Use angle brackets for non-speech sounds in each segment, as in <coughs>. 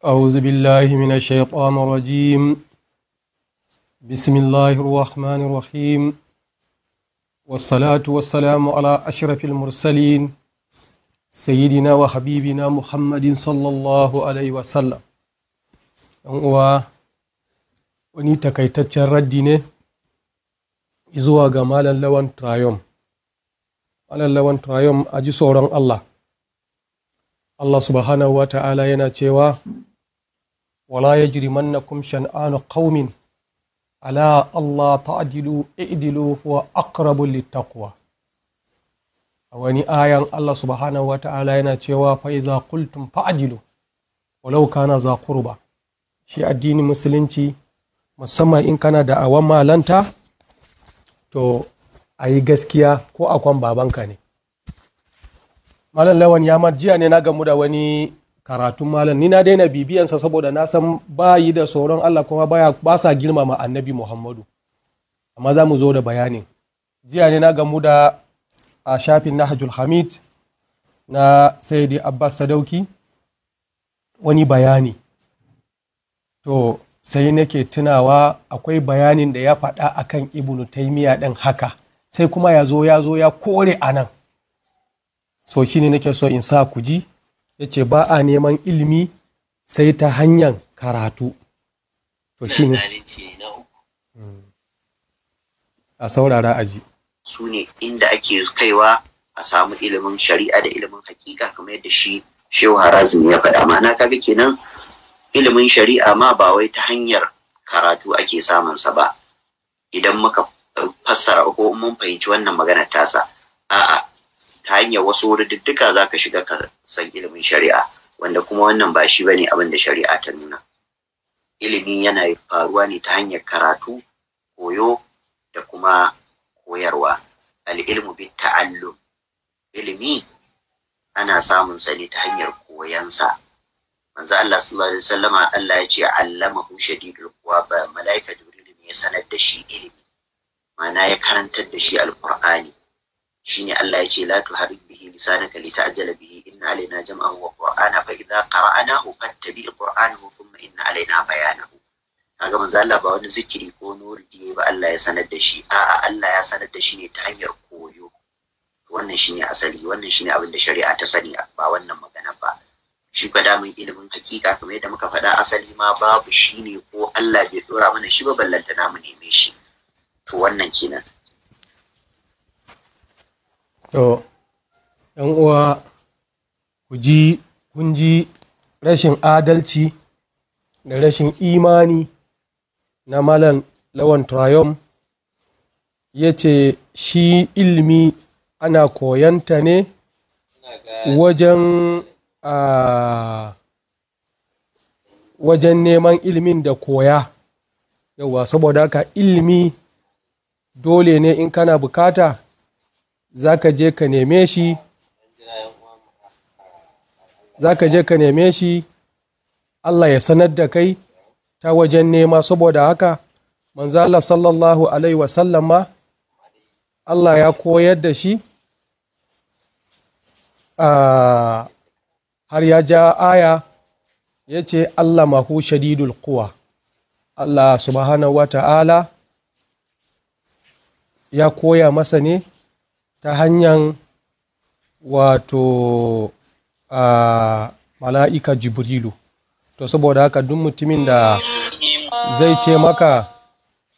أعوذ بالله من الشيطان الرجيم بسم الله الرحمن الرحيم والصلاة والسلام على أشرف المرسلين سيدنا وحبيبنا محمد صلى الله عليه وسلم و wani takaitaccen raddi ne zuwa ga malam lawan trayom malam lawan trayom a ji tsoron allah allah subhanahu wa ta'ala yana cewa ولا يجرمنكم شنآن قوم على الله تعدلوا اعدلوا هو Littakuwa. A wani ayan Allah subhanahu wa ta'ala yana cewa fa iza qultum fa'dilu walau kana za shi addinin musulunci musamman in kana da awan malanta to ayi gaskiya ko akwan babanka ne malam lawan ya jiya ne na gamu da wani karatun malam ni na daina bibiyansa saboda na san ba yi da sauran Allah kuma baya ba sa girmama annabi Muhammadu amma za mu zo da bayanin jiya ne na gamu da a shafin Nahjul Hamid na Sayyidi Abbas Sadauki wani bayani to sai nake tunawa akwai bayanin da ya faɗa akan Ibn Taymiyyah ɗin haka sai kuma ya zo ya zo ya kore anan so shine nake so in sa ku ji ya ce ba a neman ilimi sai ta hanyar karatu to shi ne a saurara aji su ne inda ake kaiwa a samu ilimin shari'a da ilimin hakika kamar yadda shi shehu ne ya faɗa ma'ana kaga kenan ilimin shari'a ma ba wai ta hanyar karatu ake samun sa ba idan muka fassara ko mun fahimci wannan maganar tasa a'a ta hanyar wasu wuridduka za ka shiga ka san ilimin shari'a wanda kuma wannan ba shi bane abin da shari'a ta nuna ilimi yana faruwa ne ta hanyar karatu koyo da kuma koyarwa al'ilmu bi ta'allum ilimi ana samun sa ne ta hanyar koyansa manzo Allah sallallahu alaihi wasallama Allah ya ce allamahu shadidul quwa ba malaika jibril ne ya sanar da shi ilimi ma'ana ya karantar da shi alqur'ani shine Allah ya ce la tuharrik bihi lisanaka lita'jala bihi inna alaina jam'ahu wa qur'ana fa idza qara'nahu fattabi qur'anahu thumma inna alaina bayanahu kaga manzo Allah ba wani zikiri ko nuri ne ba Allah ya sanar da shi a'a Allah ya sanar da shi ne ta hanyar koyo wannan shine asali wannan shine abin da shari'a ta sani ba wannan magana ba shi ka mun ilimin hakika kamar yadda muka faɗa asali ma babu shine ko Allah bai dora mana shi ba ballanta namu neme shi to wannan kenan To, ‘yan uwa ku ji kun ji rashin adalci da rashin imani na Malam Lawan Trayom ya ce shi ilimi ana koyanta ne wajen a wajen neman ilimin da koya yauwa saboda haka ilimi dole ne in kana bukata za je ka neme shi za je ka neme shi Allah ya sanar da kai ta wajen nema saboda haka manzala sallallahu alaihi wasallam ma Allah ya koyar da shi har ya ja aya yace ce Allah mahu shadidul kuwa Allah subhanahu wa ta'ala ya koya masa ne ta hanyar wato a mala'ika jibrilu to saboda haka duk mutumin da zai ce maka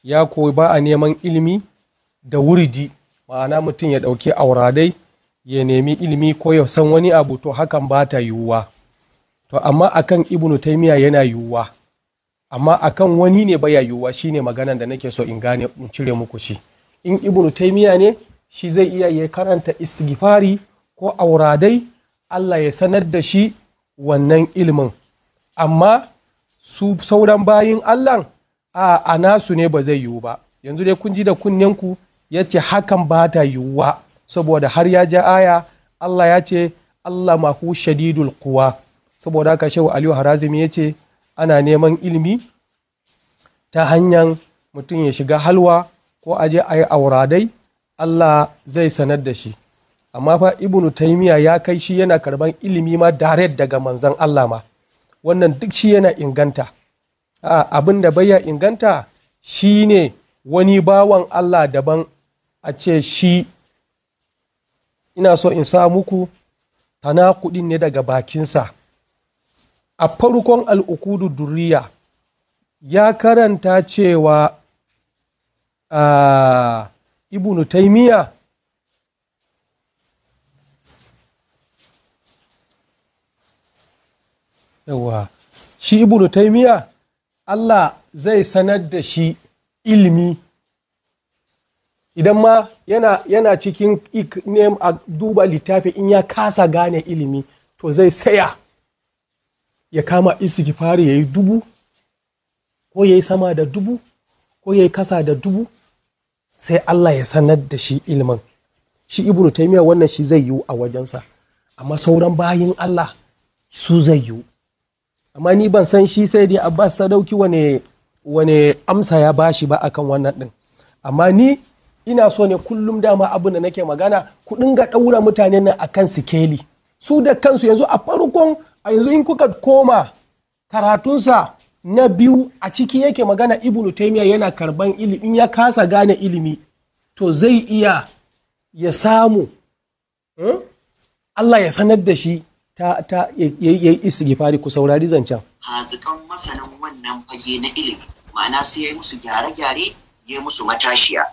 ya koyi ba a neman ilimi da wuridi ma'ana mutum ya ɗauki auradai ya nemi ilimi ko ya san wani abu to hakan ba ta yiwuwa to amma akan ibnu taimiya yana yiwuwa amma akan wani ne baya yiwuwa shine maganan da nake so in gane in cire muku shi in ibnu taimiya ne shi zai iya ya karanta istighfari ko auradai Allah ya sanar da shi wannan ilimin amma su sauran bayin Allah a, a nasu ne ba zai yiwu ba yanzu dai kun ji da kunnenku ya ce hakan ba ta yiwuwa saboda har ya ja aya Allah ya ce Allah mahu shadidul kuwa saboda haka shehu Aliyu Harazimi ya ce ana neman ilimi ta hanyar mutum ya shiga halwa ko aje a yi auradai Allah zai sanar da shi amma fa ibnu taimiya ya kai shi yana karban ilimi ma dare daga manzan Allah ma wannan duk shi yana inganta abin da bai ya inganta shi ne wani bawan Allah daban a ce shi ina so in sa muku tana kudin ne daga bakinsa a farkon al'ukudu duriya ya karanta cewa ah, ibnu taimiya yawa shi ibnu taimiya allah zai sanar da shi ilimi idan ma yana, yana cikin ne a duba littafi in ya kasa gane ilimi to zai saya ya kama iski ya yi dubu ko yayi sama da dubu ko yayi yi kasa da dubu sai Allah ya sanar da shi ilimin shi ibnu taimiya wannan shi zai yiwu a wajensa amma sauran bayin Allah su zai yiwu amma ni ban san shi sai dai Abbas Sadauki wane amsa ya bashi ba akan wannan din amma ni ina so ne kullum dama abin da nake magana ku dinga daura mutane nan akan sikeli su da kansu yanzu a farkon a yanzu in kuka koma karatunsa na biyu a ciki yake magana ibnu taimiyya yana karban ilimi ya kasa gane ilimi to zai iya ya samu hmm? Allah ya sanar da shi ta ta ya yi istighfari ku saurari zancen hazikan masanin wannan fage na ilimi ma'ana sai ya yi musu gyare-gyare ya yi musu matashiya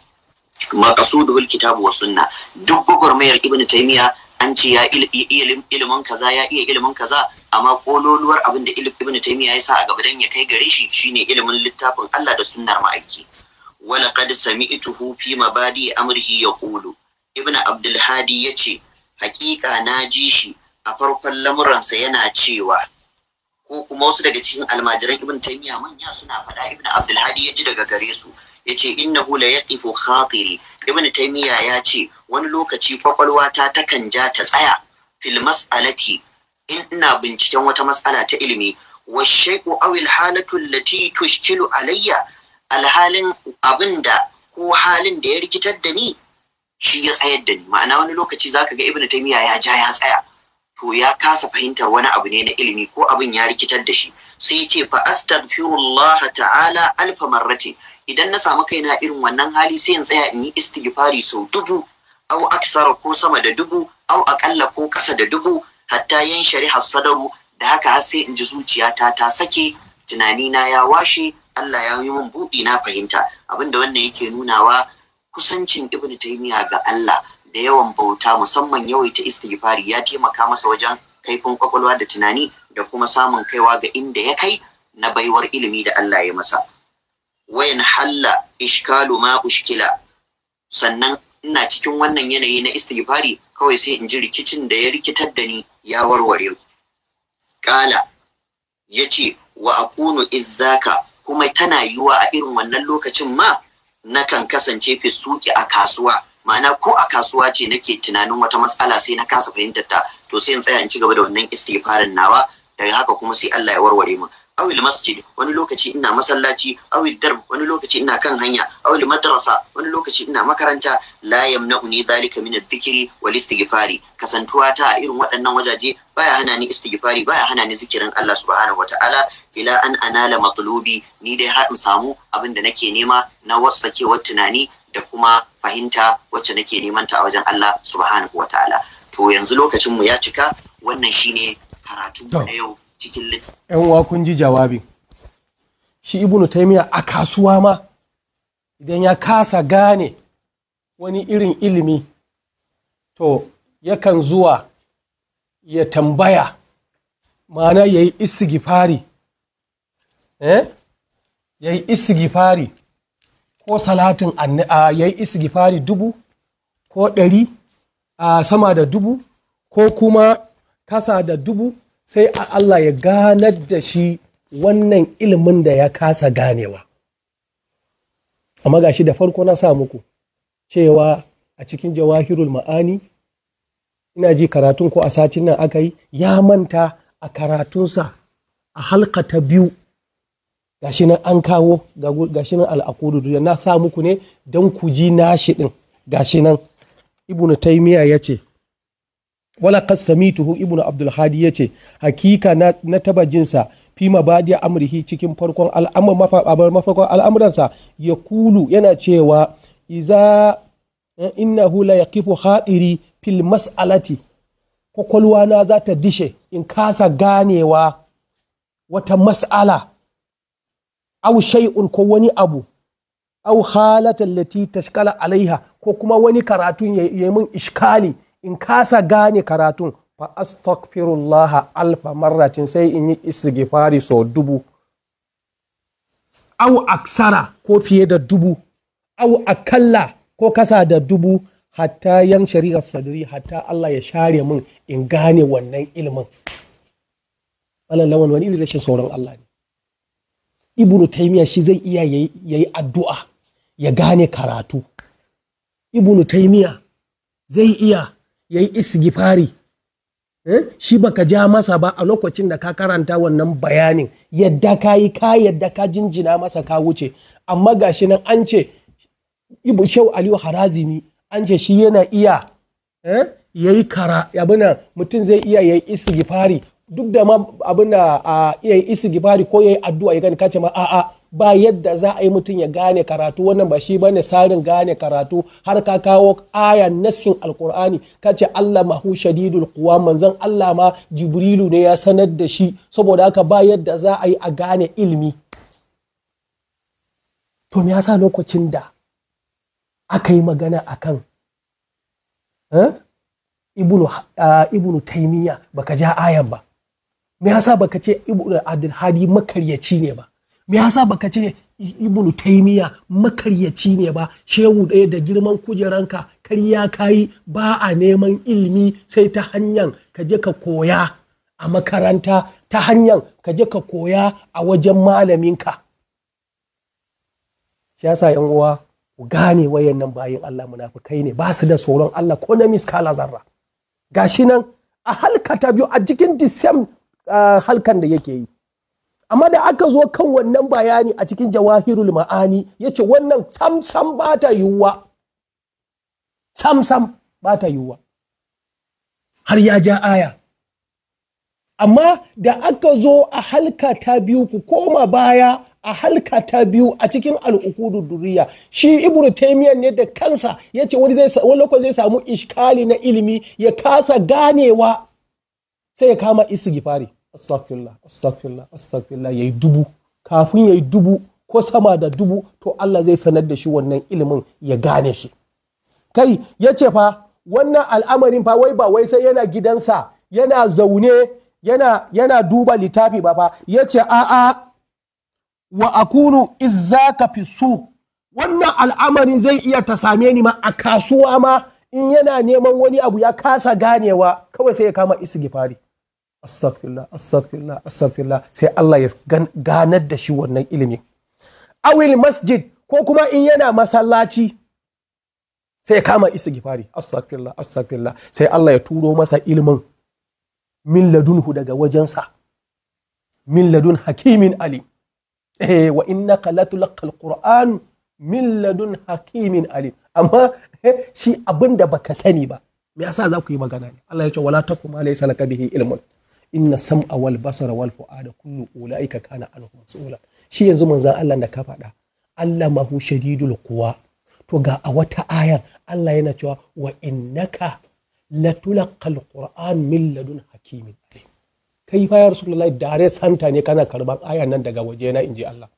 maqasudul kitabu wa sunna duk gwagwarmayar ibnu taimiyya an ce ya ilimin kaza ya iya ilimin kaza amma kololuwar abin da ibn taymiya ya sa a gaba dan ya kai gare shi shine ilimin littafin Allah da sunnar ma'aiki wala qad sami'tuhu fi mabadi amrihi yaqulu ibn abdul hadi yace haqiqa na ji shi a farkon lamuransa yana cewa ko kuma wasu daga cikin almajiran ibn taymiya manya suna faɗa ibn abdul hadi ya ji daga gare su yace innahu la yaqifu khatiri ibn taymiya ya ce wani lokaci kwakwalwa ta takan ja ta tsaya fil mas'alati in ina binciken wata mas'ala ta ilimi wa shay'u aw al halatu allati tushkilu alayya alhalin abinda ko halin da ya rikitar da ni shi ya tsayar da ni ma'ana wani lokaci zaka ga ibnu taymiya ya ja ya tsaya to ya kasa fahimtar wani abu ne na ilimi ko abin ya rikitar da shi sai ce fa astaghfirullah ta'ala alfa marrati idan na samu kaina irin wannan hali sai in tsaya in yi istighfari sau dubu au aksara ko sama da dubu au akalla ko ƙasa da dubu hatta yan shari'ar sadaru da haka har sai in ji zuciyata ta sake tunani na ya washe Allah ya yi min buɗi na fahimta abinda wannan yake nunawa kusancin ibnu taymiya ga Allah da yawan bauta musamman yawaita istighfari ya taimaka masa wajen kaifin kwakwalwa da tunani da kuma samun kaiwa ga inda ya kai na baiwar ilimi da Allah ya masa wayan halla ishkalu ma ushkila sannan ina cikin wannan yanayi na istighfari kawai sai in ji rikicin da ya rikitar da ni ya warware kala ya ce wa akunu izzaka kuma tana yiwa a irin wannan lokacin ma Na kan kasance fi suki a kasuwa ma'ana ko a kasuwa ce nake tunanin wata matsala sai na kasa fahimtar ta to sai in tsaya in ci gaba da wannan istighfarin nawa daga haka kuma sai Allah ya warware mu awil masjid wani lokaci ina masallaci awil darb wani lokaci ina kan hanya awil madrasa wani lokaci ina makaranta la uni dhalika min adh-dhikri wal istighfari kasantuwa ta a irin waɗannan wajaje baya hana ni istighfari baya hana ni zikirin Allah subhanahu wata'ala ila an anala matlubi ni dai har in samu abin da nake nema na wasakewar tunani da kuma fahimta wacce nake neman ta a wajen Allah subhanahu wata'ala to yanzu lokacin mu ya cika wannan shine karatu na yau cikin yan uwa kun ji jawabin shi ibnu taimiya a kasuwa ma idan ya kasa gane wani irin ilimi to yakan zuwa ya tambaya ma'ana ya yi isigifari eh? ya yi isigifari ko salatin ya yi isigifari dubu ko ɗari a sama da dubu ko kuma kasa da dubu sai Allah ya ganar da shi wannan ilimin da ya kasa ganewa amma ga da farko na sa muku cewa a cikin jawahirul ma'ani ina ji karatun ko a satin nan aka yi ya manta a karatunsa a halka ta biyu gashi nan an kawo gashi nan al'akudu na sa muku ne don ku ji nashi din gashi nan ibnu taimiya ya ce wala qad samituhu ibnu abdul ya ce hakika na, na taba jinsa fi mabadi amrihi cikin farkon al'amur mafarkon al'amuransa ya kulu yana cewa iza eh, hula la yaqifu hadiri fil mas'alati kwakwalwa na za ta dishe in kasa ganewa wata mas'ala au shai'un ko wani abu aw halatan lati tashkala alaiha ko kuma wani karatun ya mun ishkali in kasa gane karatun fa astaghfirullah alfa marratin sai in yi istighfari so dubu au aksara ko fiye da dubu au akalla ko kasa da dubu hatta yan shari'ar sadri hatta Allah ya share min in gane wannan ilimin wani irin rashin sauran Allah ne ibnu taymiya shi zai iya yayi addu'a ya gane karatu ibnu taymiya zai iya ya yi istighfari eh? shi baka ja masa ba a lokacin da ka karanta wannan bayanin yadda ka yi ka yadda ka jinjina masa ka wuce amma ga shi nan an ce ibu shau aliyu harazimi an ce shi yana iya eh, ya yi kara abin mutum zai iya ya yi istighfari duk da ma abin da iya yi istighfari ko ya yi addu'a ya gani ka ce ma a'a ba yadda za a yi mutum ya gane karatu wannan ba shi bane sarin gane karatu har ka kawo ayan nasin alkur'ani ka ce Allah mahu shadidul kuwa manzon Allah ma jibrilu ne ya sanar da shi saboda haka ba yadda za a yi a gane ilmi to me yasa lokacin da aka yi magana akan kan eh, ibnu taimiyya eh, ibnu taymiya baka ja ayan ba me yasa baka ce ibnu abdul hadi makaryaci ne ba me yasa baka ce ibn taimiya makaryaci ne ba shehu ɗaya da girman kujeranka ya kai ba a neman ilmi sai ta hanyar ka je ka koya a makaranta ta hanyar ka je ka koya a wajen malaminka shi yasa yan uwa ku gane wayannan bayin Allah munafikai ne ba su da tsoron Allah ko na miskala zarra gashi nan a halka biyu a cikin disem ah, halkan da yake yi amma da aka zo kan wannan bayani a cikin jawahirul ma'ani ya ce wannan samsam ba ta yiwuwa samsam ba ta yiwuwa har ya ja aya amma da aka zo a halka ta biyu ku koma baya a halka ta biyu a cikin al'ukudu duriya shi ibn ne da kansa ya ce wani lokaci zai samu ishkali na ilimi ya kasa ganewa sai ya kama gifari astaghfirullah astaghfirullah astaghfirullah yayi dubu kafin yayi dubu ko sama da dubu to Allah zai sanar da shi wannan ilimin ya gane shi kai ya ce fa wannan al'amarin fa wai ba wai sai yana gidansa yana zaune yana yana duba littafi ba fa ya ce a'a wa akunu izzaka fi su wannan al'amarin zai iya ta same ni ma a kasuwa ma in yana neman wani abu ya kasa ganewa kawai sai ya kama isgifari astaghfirullah astaghfirullah astaghfirullah sai Allah ya ganar da shi wannan ilimin awil masjid ko kuma in yana masallaci sai ya kama isa gifari astaghfirullah astaghfirullah sai Allah ya turo masa ilimin min ladunhu daga wajensa min ladun hakimin alim eh wa innaka latulqal qur'an min ladun hakimin alim amma eh, shi abinda baka sani ba me yasa za ku yi magana ne Allah ya ce wala takum alaysa laka bihi ilmun inna sam'a wal basara wal fu'ada kullu ulaika kana anhu mas'ula shi yanzu manzan Allah da ka faɗa Allah mahu shadidul quwa to ga a wata ayan Allah yana cewa wa innaka latulaqal qur'an min ladun hakimin kai fa ya rasulullahi dare santa ne kana karban ayan nan daga waje na inji Allah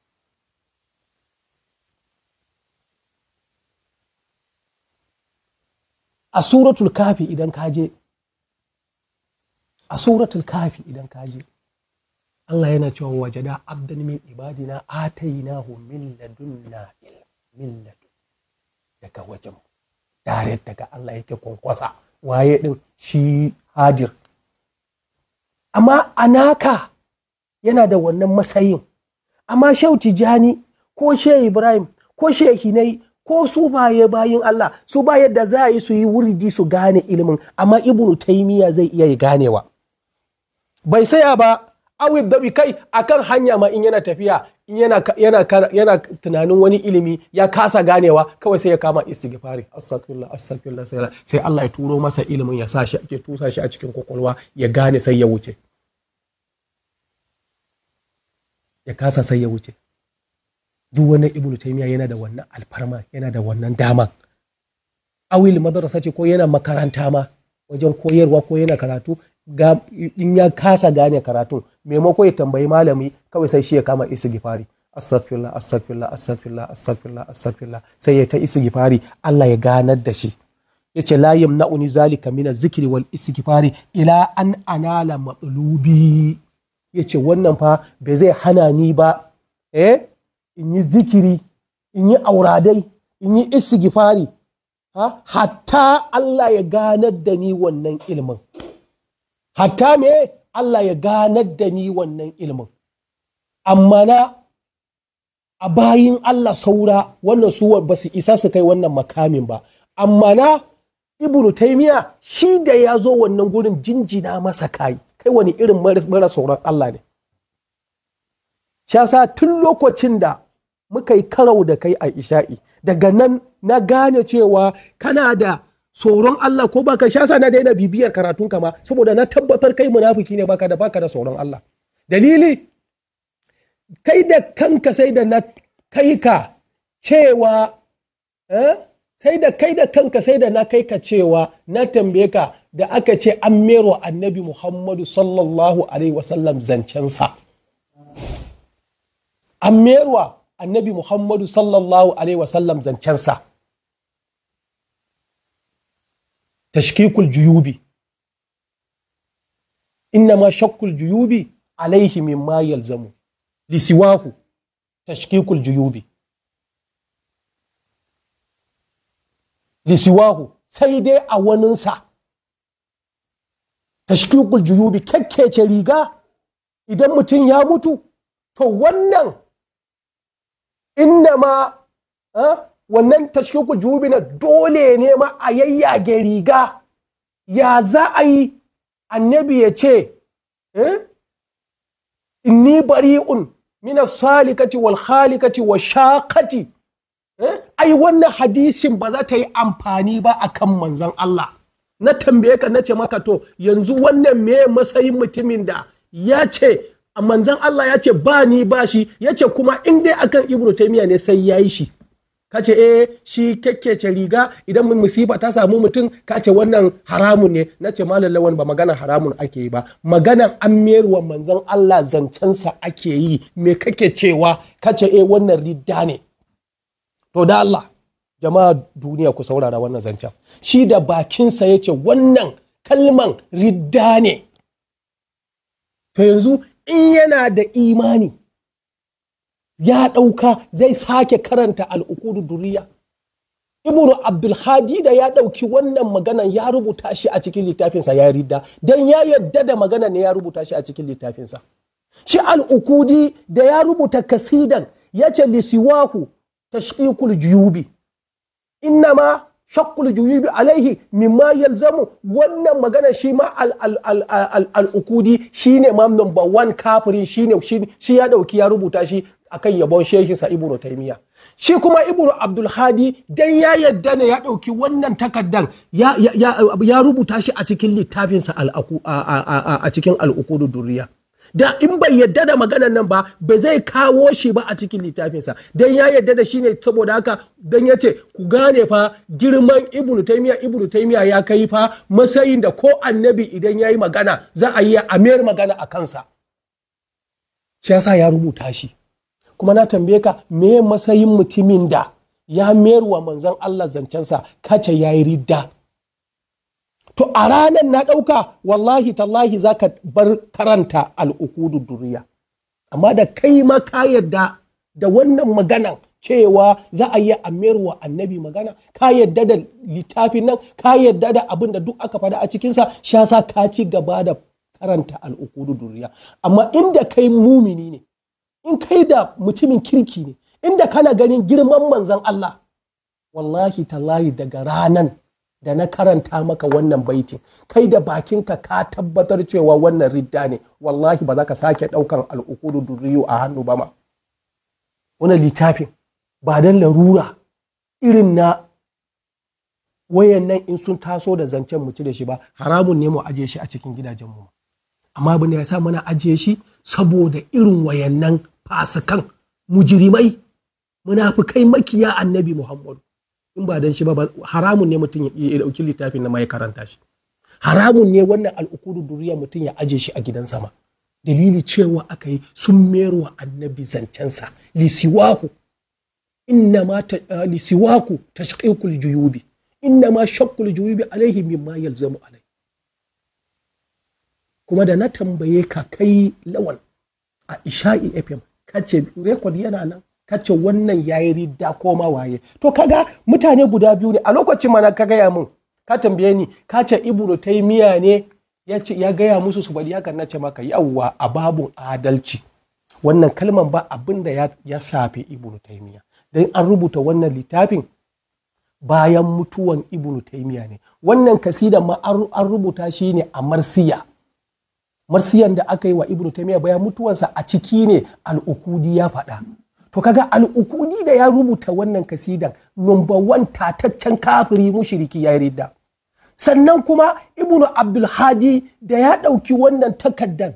a suratul kafi idan ka je a suratul kafi idan ka je Allah yana cewa wajada abdan min ibadina atainahu min ladunna min ladun daga wajen tare daga Allah yake kwankwasa waye din shi hadir amma anaka yana da wannan matsayin amma shehu tijani ko shehu ibrahim ko shehu nai ko su baye bayin Allah su ba yadda za yi su yi wuridi su gane ilmin. amma ibnu taymiya zai iya ganewa bai saya ba awid dabi kai a kan hanya ma in yana tafiya in yana tunanin wani ilimi ya kasa ganewa kawai sai ya kama istighfari astaghfirullah astaghfirullah sai sai Allah ya turo masa ilimin ya sa ake tusa shi a cikin kwakwalwa ya gane sai ya wuce ya kasa sai ya wuce duk wani ibnu taymiya yana da wannan alfarma yana da wannan dama awil madrasa ce ko yana makaranta ma wajen koyarwa ko yana karatu in ya kasa gane karatun maimako ya tambayi malami kawai sai shi ya kama isigifari astaghfirullah astaghfirullah astaghfirullah astaghfirullah astaghfirullah sai ya ta isigifari Allah ya ganar da shi yace la yamna'uni zalika min zikiri wal istighfari ila an anala matlubi yace wannan fa bai zai hana ni ba eh in yi zikiri in yi auradai in yi istighfari ha hatta Allah ya ganar da ni wannan ilmin. hatta me Allah ya ganar da ni wannan ilimin amma na a bayin Allah saura wannan su ba su isa su kai wannan makamin ba amma na ibnu taimiya shi da ya zo wannan gurin jinjina masa kai kai wani irin mara sauran Allah ne shasa tun lokacin da muka yi karau da kai a isha'i daga nan na gane cewa kana da tsoron Allah ko baka sha sa na daina bibiyar karatun ma saboda na tabbatar kai munafiki ne baka da baka da tsoron Allah dalili kai da kanka sai da na kai ka cewa eh, sai da kai da kanka sai da na kai ka cewa na tambaye ka da aka ce an mero annabi Muhammadu sallallahu alaihi wasallam zancensa an mero annabi Muhammadu sallallahu alaihi wasallam zancensa tashkikul juyubi innama shakkul juyubi alaihi mimma yalzamu lisiwahu tashkikul juyubi Lisiwaku sai dai a waninsa tashkikul juyubi kakkece riga idan mutum ya mutu to wannan innama ma eh, wannan tashkiku jubina dole ne ma a yayyage riga ya za a yi annabi ya ce eh, inni bari'un mina salikati wal khalikati wa shaqati eh, ai wannan hadisin ba za ta yi amfani ba akan manzon Allah na tambaye ka nace maka to yanzu wannan me matsayin mutumin da ya ce manzon Allah ya ce ba ni ba shi ya ce kuma in dai akan Ibn ne sai yayi shi ka ce eh shi ce riga idan mun musiba ta samu mutum ka ce wannan haramun ne na ce malam lawan ba magana haramun ake yi ba maganan an meruwa manzan Allah zancensa ake yi me kake cewa ka ce eh wannan ridda ne to da Allah jama'a duniya ku saurara wannan zancen shi da bakinsa ya ce wannan kalman ridda ne to yanzu in yana da imani ya ɗauka zai sake karanta al'ukudu duriya ibnu abdulhadi da ya ɗauki wannan maganan ya rubuta shi a cikin littafinsa ya ridda don ya yarda da magana ne ya rubuta shi a cikin littafinsa shi al'ukudi da ya rubuta kasidan ya ce lisiwaku tashqiqul juyubi ma shakkul juyubi alaihi mimma yalzamu wannan magana shi ma al'ukudi shi ne ma number one kafirin shi shi ya dauki ya rubuta shi akan yabon shehi sa ibnu taymiya shi kuma ibro abdul hadi dan ya yadda ne ya dauki wannan takaddan ya rubuta shi a cikin littafinsa a cikin al'ukudu duriya da in bai yadda da maganan nan ba ba zai kawo shi ba a cikin littafinsa dan ya yadda da shi ne saboda haka dan ya ce ku gane fa girman ibnu taymiya ibnu taymiya ya kai fa matsayin da ko annabi idan ya yi magana za a yi a mayar magana a kansa shi yasa ya rubuta shi kuma na tambaye ka me matsayin mutumin da ya mayar wa manzon Allah zancensa kace ya yi ridda to a ranar na ɗauka wallahi tallahi za ka bar karanta al'ukudun duniya amma da kai ma ka yadda da wannan maganan cewa za a yi wa annabi magana ka yadda da littafin nan ka yadda da abin da duk aka faɗa a cikinsa sha sa ka ci gaba da karanta al'ukudun duniya amma inda kai mumini ne in kai da mutumin kirki ne inda kana ganin girman manzan Allah wallahi tallahi daga ranan da na karanta maka wannan baitin kai da bakinka ka tabbatar cewa wannan ridda ne wallahi ba za ka sake daukan al'ukuru duriyu a hannu ba ma wani littafin ba don larura irin na wayan nan in sun taso da zancen mu ci da shi ba haramun ne mu ajiye shi a cikin gidajen mu. amma abin da ya sa muna ajiye shi saboda irin wayan nan fasikan mujirimai munafikai makiya annabi muhammadu in ba dan shi ba haramun ne mutum ya dauki littafin na mai karanta shi haramun ne wannan al'ukudu duriya mutum ya aje shi a gidan sama dalili cewa aka yi sun merwa annabi zancensa lisiwahu inna ma ta lisiwaku tashqiqul juyubi inna ma juyubi alaihi mimma yalzamu alai kuma da na tambaye ka kai lawan a isha'i fm kace record yana nan kace wannan yayi ridda ko ma waye to kaga mutane guda biyu ne a lokacin mana ka gaya mun ka tambaye ni ka ce ibnu taymiya ne ya ce ya gaya musu su bari hakan ce maka yawwa a babun adalci wannan kalman ba abin ya, ya safe ibnu taymiya dan an rubuta wannan littafin bayan mutuwan ibnu taymiya ne wannan kasida ma an rubuta shi ne a marsiya marsiyan da aka yi wa ibnu taymiya bayan mutuwansa a ciki ne al'ukudi ya faɗa to kaga al'ukudi da ya rubuta wannan kasidan number one tataccen kafiri mushiriki ya ridda sannan kuma ibnu abdul hadi da ya ɗauki wannan takaddan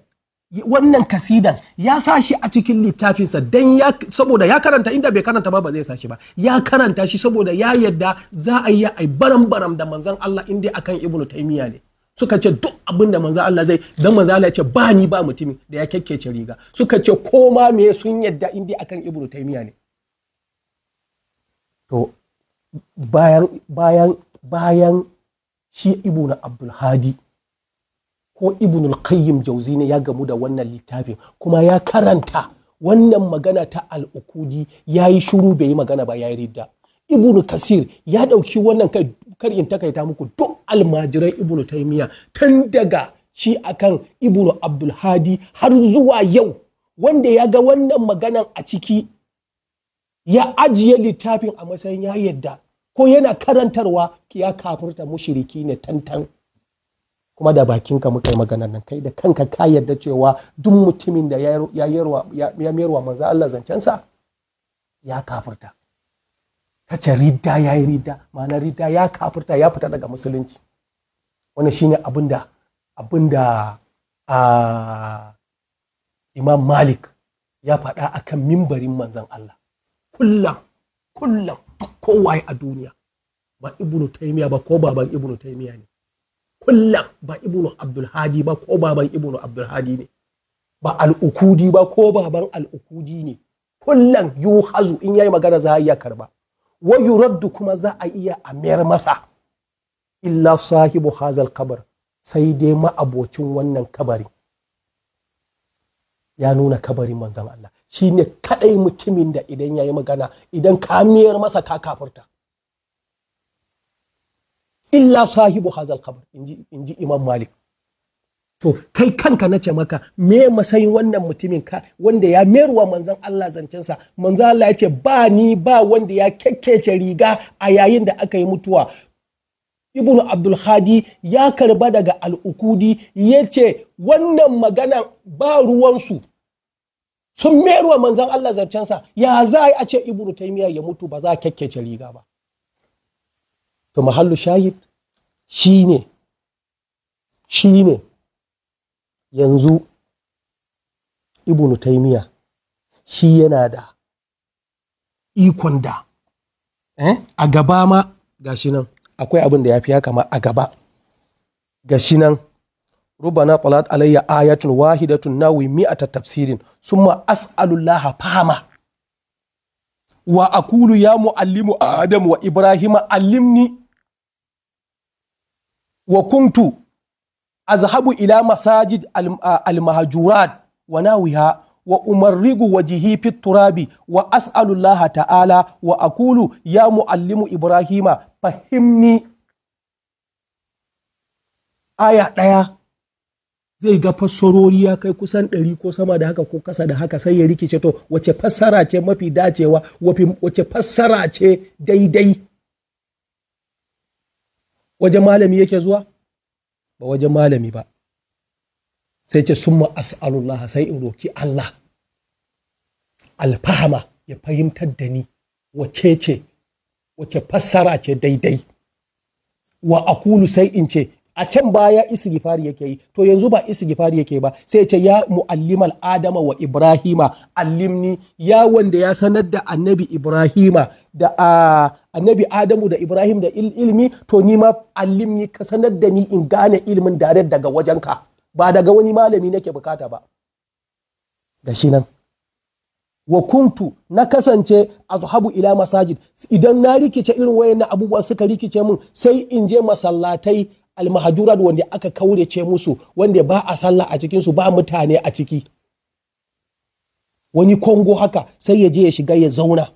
wannan kasidan ya sa shi a cikin littafinsa don ya saboda ya karanta inda bai karanta ba ba zai sa shi ba ya karanta shi saboda ya yadda za a yi ai baram baram da manzan Allah inda akan ibnu taimiyya ne suka ce duk abin da manzo Allah zai dan manzo Allah ya ce ba ni ba mutumi da ya kekkece riga suka ce koma me sun yadda indi akan Ibnu Taymiya ne to bayan bayan bayan shi Ibnu Abdul Hadi ko Ibnu Al-Qayyim Jauzi ya gamu da wannan littafin kuma ya karanta wannan magana ta al-ukudi yayi shuru bai yi magana ba yayi ridda Ibnu Kasir ya ɗauki wannan kai kar in takaita muku duk almajiran ibnu taimiya tun daga shi akan ibnu abdulhadi har zuwa yau wanda ya ga wannan maganan a ciki ya ajiye littafin a matsayin ya yadda ko yana karantarwa ya kafurta mushiriki ne tantan kuma da bakinka muka yi maganar nan kai da kanka ka yadda cewa duk mutumin da ya mayarwa manzo Allah zancensa ya kafurta ta ce ridda ya yi ridda ma'ana ridda ya kafurta ya fita daga musulunci Wani shine abin da abin imam malik ya faɗa akan mimbarin manzan Allah kullum kullum duk kowaye a duniya ba ibnu taimiya ba ko baban ibnu taimiya ne kullum ba ibnu abdulhadi ba ko baban ibnu abdulhadi ne ba al'ukudi ba ko baban al'ukudi ne kullum yuhazu hazu in yayi magana za a ya karba wa yuraddu kuma za a iya a mayar masa illa sahibu hazal kabar sai dai ma'abocin wannan kabari ya nuna kabarin manzan Allah shi ne kaɗai mutumin da idan ya yi magana idan ka miyar masa ka kafurta illa sahibu hazal kabar in ji imam malik to kai kanka na ce maka me masayin wannan mutumin ka wanda ya meruwa manzan Allah zancensa manzan Allah ya ce ba ni ba wanda ya kyakkece riga a yayin da aka yi mutuwa ibnu abdul hadi ya karba daga al'ukudi ya ce wannan magana ba ruwansu sun meruwa manzan Allah zancensa ya za a ce ibnu taimiyya ya mutu ba za a kekkece riga ba to mahallu shahid shine shine yanzu ibnu taimiya shi yana da ikon da eh, a gaba ma shi nan akwai abin da ya fi haka ma a gaba shi nan rubana talat alayya ayatun wahidatun nawi mi'ata tafsirin summa as'alullaha fahama wa akulu ya muallimu adam wa ibrahima allimni wa kuntu azhabu ila masajid al-mahjurat wa nawiha wa umarrigu wajihi fit turabi wa as'alullah ta'ala wa akulu ya muallimu ibrahima fahimni aya ɗaya zai ga fassarori ya kai kusan ɗari ko sama da haka ko kasa da haka sai ya rikice to wace fassara ce mafi dacewa wace fassara ce daidai wajen malami yake zuwa ba wajen malami ba sai ce summa as'alullah sai in roki Allah alfahama ya fahimtar da ni wace ce wace fassara ce daidai wa akulu sai in ce a can baya istighfari yake yi to yanzu ba istighfari yake ba sai ya ce ya muallimal adama wa ibrahima allimni ya wanda ya sanar da annabi ibrahima da annabi adamu da ibrahim da ilmi to ni ma allimni ka sanar da ni in gane ilmin dare daga wajenka ba daga wani malami nake bukata ba shi nan wa kuntu na kasance a zuhabu ila masajid idan na rikice irin wayannan abubuwa suka rikice mun sai in je masallatai almahajurat wanda aka kaurace musu wanda ba a sallah a cikinsu ba mutane a ciki wani kongo haka sai ya je ya shiga ya zauna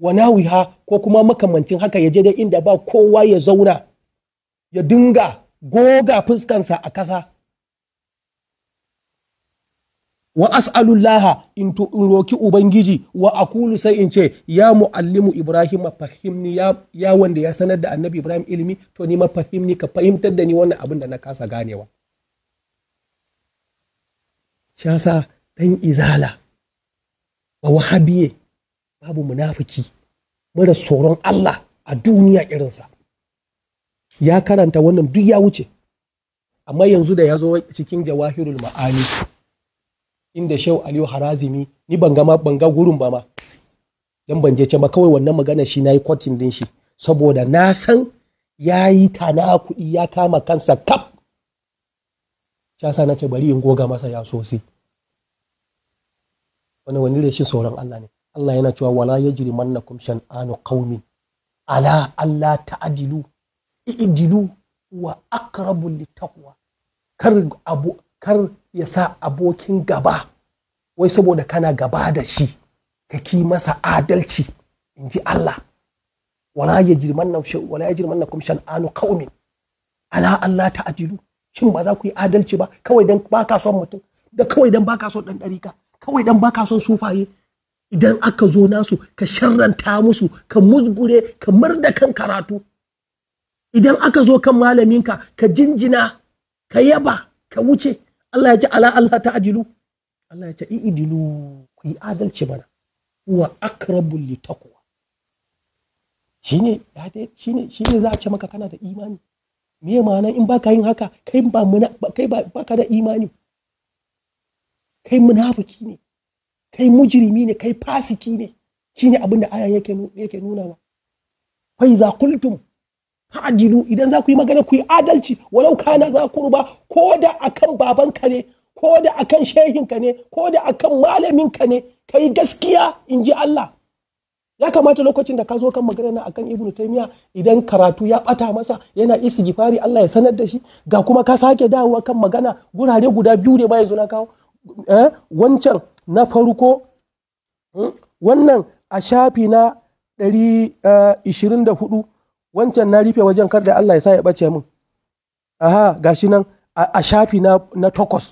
wiha ko kuma makamancin haka ya je da inda ba kowa ya zauna ya dinga goga fuskansa a kasa wa as'alullaha in roki ubangiji wa akulu sai in ce ya muallimu ibrahim fahimni ya, ya wanda ya sanar da annabi ibrahim ilimi to ni ma fahimni ka fahimtar da ni wannan abin da na kasa ganewa shasa dan izala ba wahabiye babu munafiki mara tsoron Allah a duniya irinsa ya karanta wannan duk ya wuce amma yanzu da ya zo cikin jawahirul ma'ani inda Shehu Aliyu Harazimi ni ban ga ban gurin ba ma dan ban je ce ba kawai wannan magana shi nayi kwatin din shi saboda na san yayi yi tana kuɗi ya kama kansa kaf ya sa na ce bari in goga masa ya sosai wani wani shi sauran Allah ne Allah yana cewa wala yajri mannakum shan'anu qaumin ala Allah ta'dilu i'dilu wa aqrabu litaqwa kar abu kar ya sa abokin gaba wai saboda kana gaba da shi ka ki masa adalci in ji Allah wala ya jirman na wala ya jirman kumshan anu ala Allah ta ajiru shin ba za ku yi adalci ba kawai dan baka son mutum da kawai dan baka son dan ɗarika kawai dan baka son sufaye idan aka zo nasu ka sharranta musu ka musgure ka da kan karatu idan aka zo kan malaminka ka jinjina ka yaba ka wuce Allah ya ce ala Allah ta ajilu Allah ya ce i'dilu ku yi adalci mana wa akrabu li taqwa shine shine shine za a ce maka kana da imani me ma'ana in baka yin haka kai ba muna kai ba baka da imani kai munafiki ne kai mujrimi ne kai fasiki ne shine abin da ayan yake yake nuna wa fa iza qultum adilu idan za ku yi magana ku yi adalci walau kana za ku ruba ko da akan babanka ne ko da akan shehinka ne ko da akan malaminka ne ka yi gaskiya in ji Allah ya kamata lokacin da ka zo kan magana akan ibnu taymiya idan karatu ya bata masa yana isi gifari Allah ya sanar da shi ga kuma ka sake dawowa kan magana gurare guda biyu ne ma yanzu na kawo eh, wancan na farko hmm, wannan a shafi na 124 wancan na rufe wajen kar da Allah ya sa ya bace min aha gashi nan a shafi na na takwas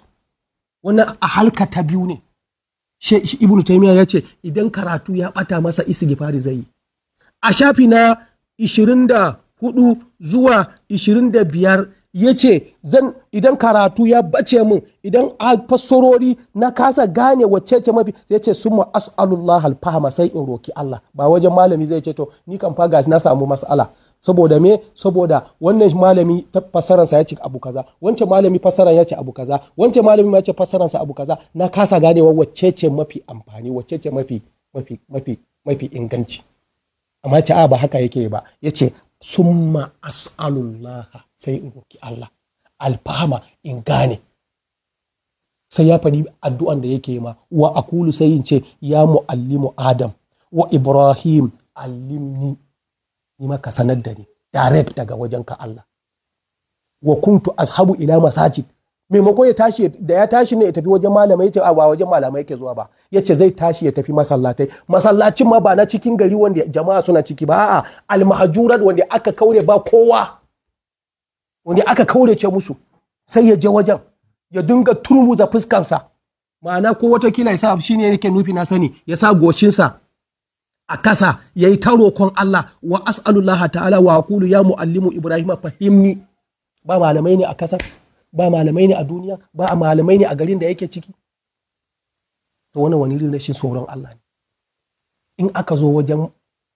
wannan a halka ta biyu ne shi ibn taymiya ya ce idan karatu ya bata masa fari zai yi a shafi na 24 zuwa 25 ya ce idan karatu ya bace min idan a fassarori na kasa gane wacce ce mafi sai ce sun ma as'alullah alfahama sai in roki Allah ba wajen malami zai ce to ni kan fa na samu mas'ala saboda me saboda wannan malami ta fassararsa ya ce abu kaza wancan malami fassaran ya ce abu kaza wancan malami ya ce abu kaza na kasa ganewa wacce ce mafi amfani wacce ce mafi mafi mafi mafi inganci amma ce a ba haka yake ba ya ce summa as'alullaha sai in roki Allah alfahama in gane sai ya faɗi addu'an da yake ma wa akulu sai in ce ya muallimu adam wa ibrahim allimni ni maka ka sanar da ni direct daga wajen ka Allah wa kuntu ashabu ila masajid maimakon ya tashi da ya tashi ne ya tafi wajen malamai yace ba wajen malamai ke zuwa ba yace zai tashi ya tafi masallatai masallacin ma ba na cikin gari wanda jama'a suna ciki ba a'a almahjurat wanda aka kaure ba kowa wanda aka kaure ce musu sai ya je wajen ya dinga turmuza fuskansa ma'ana ko wata kila ya sa shine yake nufi na sani ya sa goshinsa a kasa ya yi ta roƙon Allah wa as'alullaha ta'ala wa kulu ya muallimu ibrahim fahimni ba malamai ne a kasa ba malamai ne a duniya ba a malamai ne a garin da yake ciki to wannan wani irin rashin tsoron Allah ne in aka zo wajen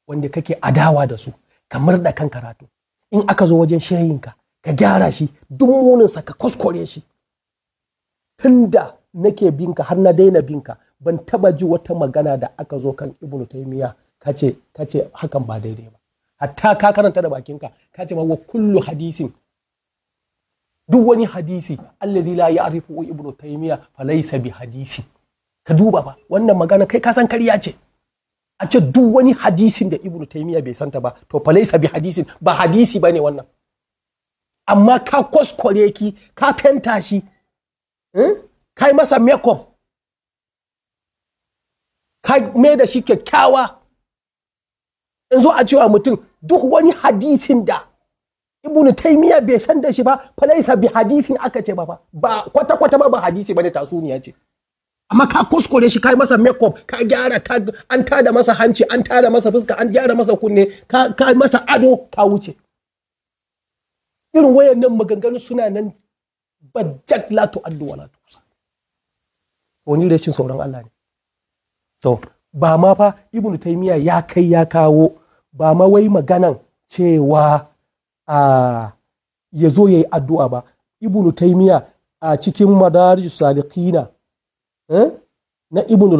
wanda kake adawa da su kamar da kan karatu in aka zo wajen shayinka ka gyara shi duk muninsa ka kuskure shi tunda nake binka har na daina binka ban taba ji wata magana da aka zo kan Ibn taymiya kace kace hakan ba daidai ba hatta ka karanta da bakinka kace ma wa kullu hadisin duk wani hadisi allazi la ya'rifu ibnu taymiya falaysa bi hadisi ka duba ba wannan magana kai ka san kariya ce a ce duk wani hadisin da Ibn taymiya bai santa ba to falaysa bi hadisin ba hadisi bane wannan amma ka kwaskware ki ka fenta shi eh? kai masa makeup ka mai da shi kyakkyawa in zo a cewa mutum duk wani hadisin da ibnu taimiyya bai san da shi ba falaisa bi hadisin aka ce ba ba kwata kwata ba ba hadisi bane tasuniya ce amma ka kuskure shi ka masa makeup ka gyara ka an tada masa hanci an tada masa fuska an gyara masa kunne ka ka masa ado ka wuce irin wayannan maganganu suna nan bajjak la tu'addu wa la tusa wani rashin sauran Allah ne to ba ma fa ibn taymiya ya kai ya kawo ba ma wai maganan cewa a ya zo ya yi addu'a ba ibn taymiya a cikin madarijus salikina eh, na ibn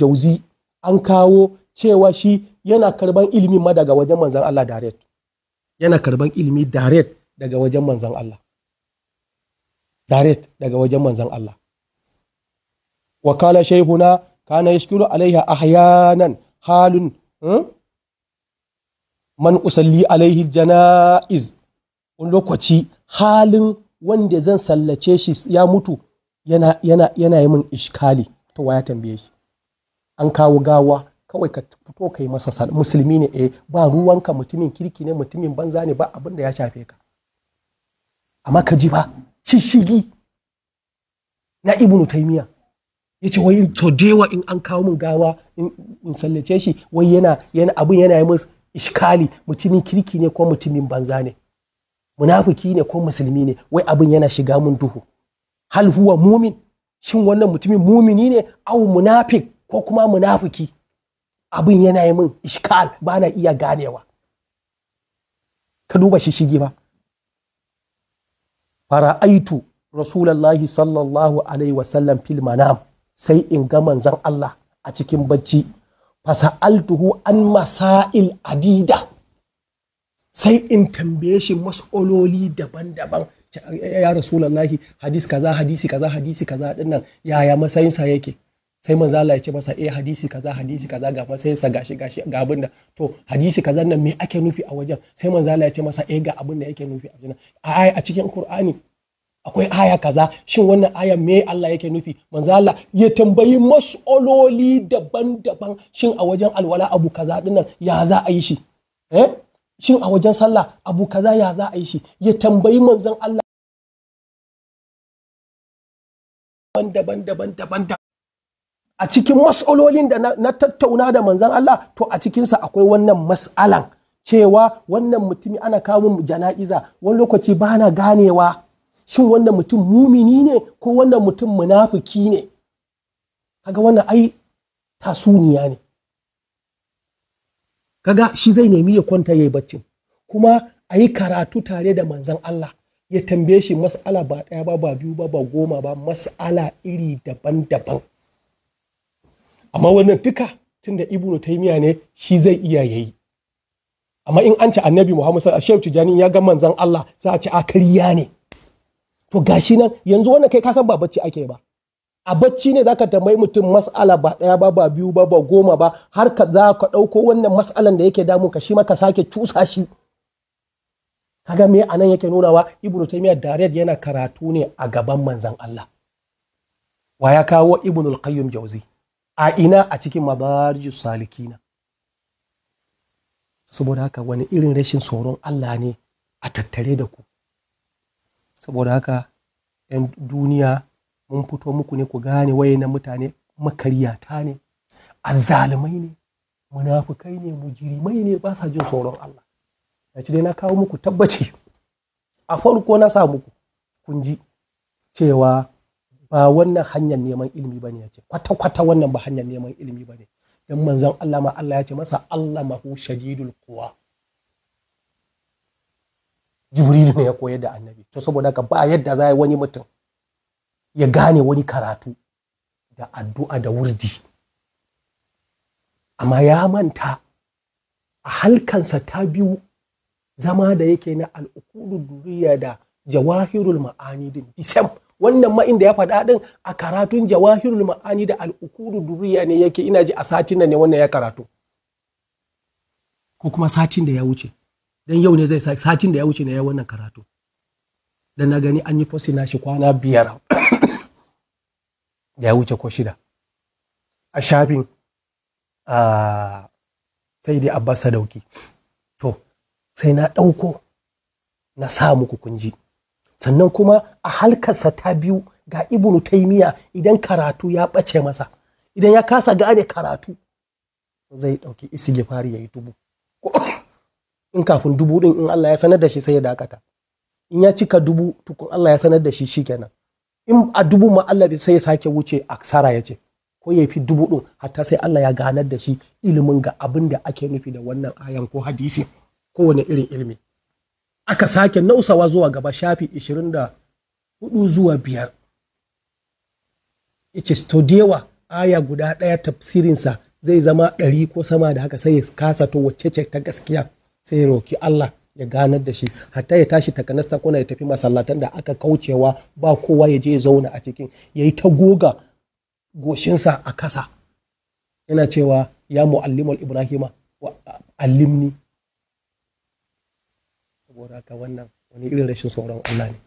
jauzi an kawo cewa shi yana karban ilimi ma daga wajen manzan Allah direct yana karban ilimi direct daga wajen manzan Allah direct daga wajen manzan Allah wakala shaihuna kana yashkuru alaiha hayanan halin eh? man kusalli alaihi janaiz un lokaci halin wanda zan sallace shi ya mutu yana yana yi min ishkali to ya tambaye shi an kawo gawa kawai ka fito kai masa musulmi ne eh ba ruwanka mutumin kirki ne mutumin banza ne ba abin da ya shafe ka amma ka ji ba shishigi na ibnu taymiyah ya ce wai to dewa in an kawo min gawa in sallace shi wai yana yana abin yana yi musu iskali mutumin kirki ne ko mutumin banza ne munafiki ne ko musulmi ne wai abin yana shiga mun duhu hal huwa mumin shin wannan mutumin mumini ne au munafik ko kuma munafiki abin yana yi min iskal ba na iya ganewa ka duba shi shigi ba fara'aitu rasulallahi sallallahu alaihi wasallam fil manam sai in ga manzan Allah a cikin bacci fasa'altuhu an masail adida sai in tambaye shi mas'ololi daban-daban ya rasulallahi hadisi kaza hadisi kaza hadisi kaza dinnan yaya matsayinsa yake sai manzo Allah ya ce masa eh hadisi kaza hadisi kaza ga matsayin sa gashi gashi ga abin da to hadisi kaza nan me ake nufi a wajen sai manzo Allah ya ce masa eh ga abin da yake nufi a wajen a cikin Qur'ani akwai aya kaza shin wannan aya me Allah yake nufi manzo Allah ya tambayi mas'aloli daban-daban shin a wajen alwala abu kaza dinnan ya za a yi shi eh shin a wajen sallah abu kaza ya za a yi shi ya tambayi manzon Allah daban daban daban daban a cikin mas'alolin da na tattauna da manzon Allah to a cikinsa akwai wannan mas'alan cewa wannan mutumi ana kawo jana'iza wani lokaci ba na ganewa shin wannan mutum mumini ne ko wannan mutum munafiki ne kaga wannan ai tasuniya ne kaga shi zai nemi ya kwanta ya yi baccin kuma a yi karatu tare da manzan Allah ya tambaye shi mas'ala ba ɗaya ba ba biyu ba ba goma ba mas'ala iri daban-daban amma wannan duka tun da ibnu taimiya ne shi zai iya yayi amma in an ci annabi muhammad sallallahu alaihi wasallam ya ga manzan Allah za a ci a ne to gashi nan yanzu wannan kai kasan ba bacci ake ba a bacci ne zaka tambayi mutum mas'ala ba ɗaya ba ba biyu ba ba goma ba har ka za ka ɗauko wannan mas'alan da yake damun ka shi ma ka sake cusa shi kaga me anan yake nunawa ibnu taymiya dariyat yana karatu ne a gaban manzan Allah wa ya kawo ibnu al-qayyim jawzi a ina a cikin madarijus salikina saboda haka wani irin rashin tsoron Allah ne a tattare da ku saboda haka 'yan duniya mun fito muku ne ku gane waye na mutane makaryata ne azzalumai ne munafukai ne mujirimai ne ba sa jin tsoron Allah na dai na kawo muku tabbaci a farko na sa muku kun ji cewa ba wannan hanyar neman ilimi ba ne ya ce kwata-kwata wannan ba hanyar neman ilimi ba bane dan manzon Allah ma Allah ya ce masa Allah mahu shadidul kuwa. jibrilu ne ya koyar da annabi to saboda ka ba yadda za wani mutum ya gane wani karatu da addu'a da wurdi amma ya manta a halkansa ta biyu zama da yake na al'ukuru duriya da jawahirul ma'ani din disem wannan ma'in da ya faɗa din a karatun jawahirul ma'ani da al'ukuru duriya ne yake ina ji a satin ne wannan ya karatu ko kuma satin da ya wuce dan yau ne zai satin da ya wuce ne ya wannan karatu da na gani an yi kwasi na shi kwana biyar da <coughs> ya wuce ko shida a shafin sai dai abbas sadauki to sai na ɗauko na sa muku kunji sannan kuma a halkarsa ta biyu ga ibnu taimiya idan karatu ya ɓace masa idan ya kasa gane karatu zai ɗauki isi yayi ya yi tubu <coughs> in kafin dubu din in Allah ya sanar da shi sai ya dakata in ya cika dubu tukun Allah ya sanar da shi shikenan in a dubu ma Allah sai ya sake wuce aksara ya ce ko ya fi dubu din hatta sai Allah ya ganar da shi ilimin ga abin da ake nufi da wannan ayan ko hadisi kowane irin ilimi aka sake nausawa zuwa gaba shafi 24 zuwa biyar yace to aya guda ɗaya tafsirinsa zai zama ɗari ko sama da haka sai ya kasa to wacce ce ta gaskiya sai ya roki Allah ya ganar da shi hatta ya tashi takanasta kona ya tafi masallatan da aka kaucewa ba kowa ya je ya zauna a cikin ya yi ta goga goshinsa a kasa yana cewa ya mu'allimul ibrahima wa allimni saboda ka wannan wani irin rashin tsoron Allah ne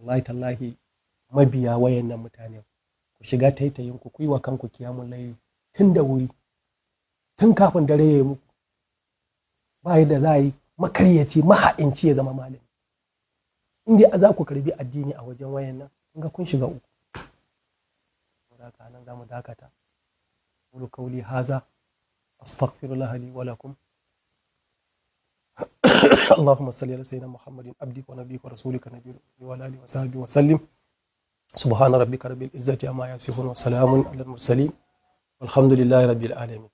wallahi tallahi mabiya nan mutane ku shiga taitayin ku yi wa kanku kiyamun layi tun da wuri tun kafin dare ya yi muku ba yadda za a yi makaryaci maha'inci ya zama malami inda za ku karbi addini a wajen wayan nan ga kun shiga uku saboda nan za mu dakata qulu qawli haza astaghfirullah li wa lakum اللهم صل على سيدنا محمد عبدك ونبيك ورسولك نبينا وعلى اله وصحبه وسلم سبحان ربك رب العزه عما يصفون وسلام على المرسلين والحمد لله رب العالمين